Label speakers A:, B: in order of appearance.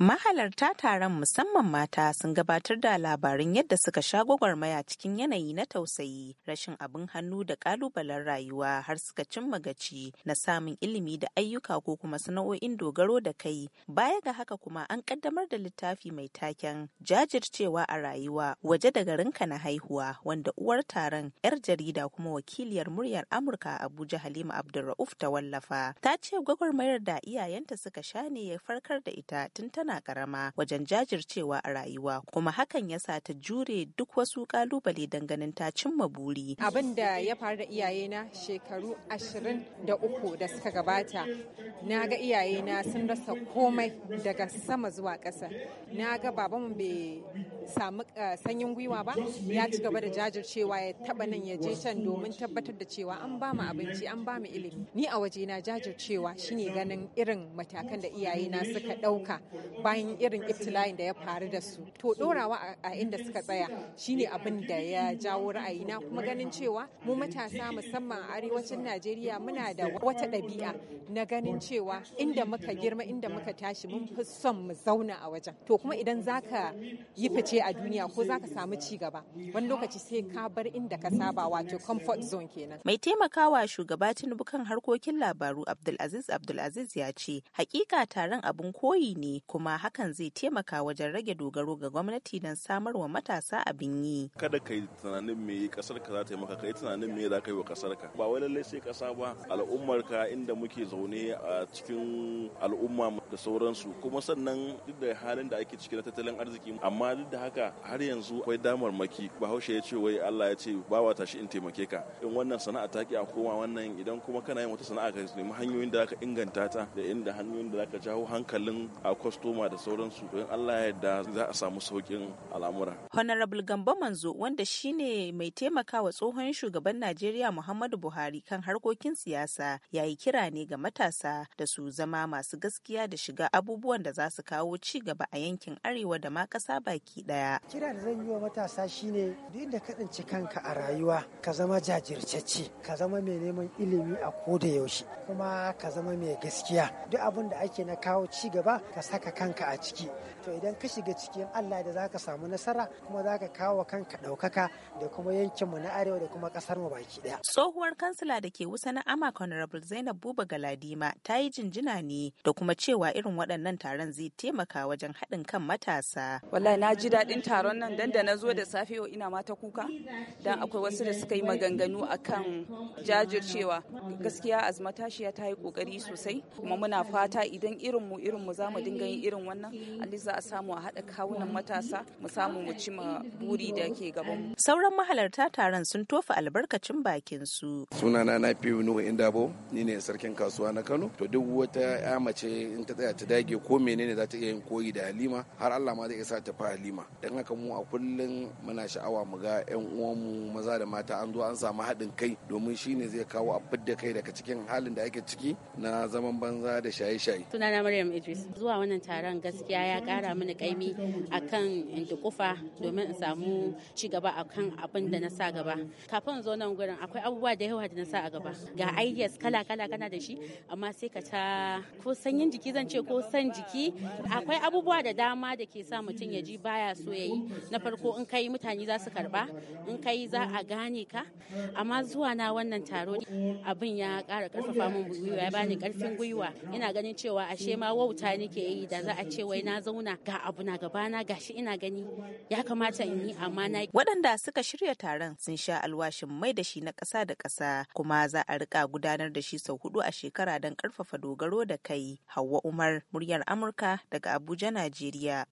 A: Mahalarta taron musamman mata sun gabatar da labarin yadda suka sha gwagwarmaya cikin yanayi na tausayi, rashin abin hannu da kalubalen rayuwa har suka cimma gaci na samun ilimi da ayyuka ko kuma sana'o'in dogaro da kai. Baya ga haka kuma an kaddamar da littafi mai taken jajircewa a rayuwa waje da garinka na haihuwa wanda uwar taron 'yar jarida kuma wakiliyar muryar Amurka Abuja Halima Abdulrauf ta wallafa. Ta ce gwagwarmayar da iyayenta suka sha ne ya farkar da ita tun tana tana karama wajen jajircewa a rayuwa kuma hakan ya sa ta jure duk wasu kalubale ganin ta cimma buri. Abin da ya
B: faru da iyayena shekaru ashirin da uku da suka gabata na ga iyayena sun rasa komai daga sama zuwa ƙasa. Na ga babanmu bai samu eh, sanyin gwiwa ba ya ci gaba da jajircewa ya taba nan ya je can domin tabbatar da cewa an ba mu abinci an ba mu ilimi. Ni a waje na jajircewa shine ganin irin matakan da iyayena suka ɗauka bayan irin iftila'in da ya faru da su to dorawa a inda suka tsaya shine abin da ya jawo ra'ayi na kuma ganin cewa mu matasa musamman a arewacin najeriya muna da wata ɗabi'a na ganin cewa inda muka girma inda muka tashi mun fi son mu zauna a wajen to kuma idan zaka yi fice a duniya ko zaka samu ci gaba wani lokaci sai ka bar inda ka saba wato comfort zone kenan
A: mai taimakawa shugaba tinubu kan harkokin labaru abdulaziz abdulaziz ya ce hakika taron abin koyi ne kuma hakan zai taimaka wajen rage dogaro ga gwamnati don samar wa matasa abin yi.
C: Kada ka yi tunanin me kasar ka za ta yi maka, ka yi tunanin me za ka yi wa kasar ka. Ba wai lallai sai kasa ba, al'ummar ka inda muke zaune a cikin al'umma da sauransu. Kuma sannan duk da halin da ake ciki na tattalin arziki, amma duk da haka har yanzu akwai maki Bahaushe ya ce wai Allah ya ce bawa tashi in taimake ka. In wannan sana'a ta ki a koma wannan idan kuma kana yin wata sana'a ka nemi hanyoyin da za inganta ta da inda hanyoyin da za jawo hankalin a kwasto soma da sauransu don Allah ya yarda za a samu saukin al'amura.
A: Honorable Gambo Manzo wanda shine mai taimakawa tsohon shugaban Najeriya Muhammadu Buhari kan harkokin siyasa ya yi kira ne ga matasa da su zama masu gaskiya da shiga abubuwan da za su kawo ci gaba a yankin arewa da ma ƙasa baki ɗaya.
B: Kira da zan yi wa matasa shine duk inda ka kanka a rayuwa ka zama jajirtacce ka zama mai neman ilimi a koda yaushe kuma ka zama mai gaskiya duk abin da ake na kawo ci gaba ka saka kanka a ciki to idan ka shiga cikin Allah da zaka samu nasara kuma zaka kawo kanka ɗaukaka da kuma yankinmu na arewa da kuma ƙasar mu baki ɗaya.
A: Tsohuwar kansila da ke wusa na ama Honorable Zainab Buba Galadima ta yi jinjina ne da kuma cewa irin waɗannan taron zai taimaka wajen haɗin kan matasa. Wallahi na ji daɗin taron nan dan da na zo da safe yau ina mata kuka dan akwai wasu da suka yi maganganu akan jajircewa gaskiya azmatashiya ta yi kokari sosai kuma muna fata idan irin mu irin mu za mu dinga yin irin wannan ali za a samu a haɗa kawunan matasa mu samu mu ma buri da ke gaban mu sauran mahalarta taron sun tofa albarkacin bakin su
C: sunana na fi nuhu bo ni ne sarkin kasuwa na Kano to duk wata ya mace in ta tsaya ta dage ko menene za ta iya yin koyi da Halima har Allah ma zai iya sa ta fara Halima dan haka mu a kullum muna sha'awa mu ga 'yan uwanmu maza da mata an zo an samu haɗin kai domin shi ne zai kawo a fidda kai daga cikin halin da ake ciki na zaman banza da shaye-shaye
D: sunana Maryam Idris zuwa wannan taron taron gaskiya ya kara mini kaimi akan in kufa domin in samu ci gaba akan abin da na sa gaba kafin zo nan gurin akwai abubuwa da yawa da na sa a gaba ga ideas kala kala kana da shi amma sai ka ta ko sanyin jiki zan ce ko san jiki akwai abubuwa da dama da ke sa mutum ya ji baya so yayi na farko in kai mutane za su karba in kai za a gane ka amma zuwa na wannan taro abin ya kara karfafa min gwiwa ya bani karfin gwiwa ina ganin cewa ashe ma wauta nake yi da za a ce wai na zauna ga abu na gabana gashi ina gani ya kamata in yi amma na
A: waɗanda suka shirya taron sun sha alwashin mai da shi na ƙasa da ƙasa kuma za a rika gudanar da shi sau hudu a shekara don ƙarfafa dogaro da kai Hauwa Umar muryar Amurka daga Abuja Najeriya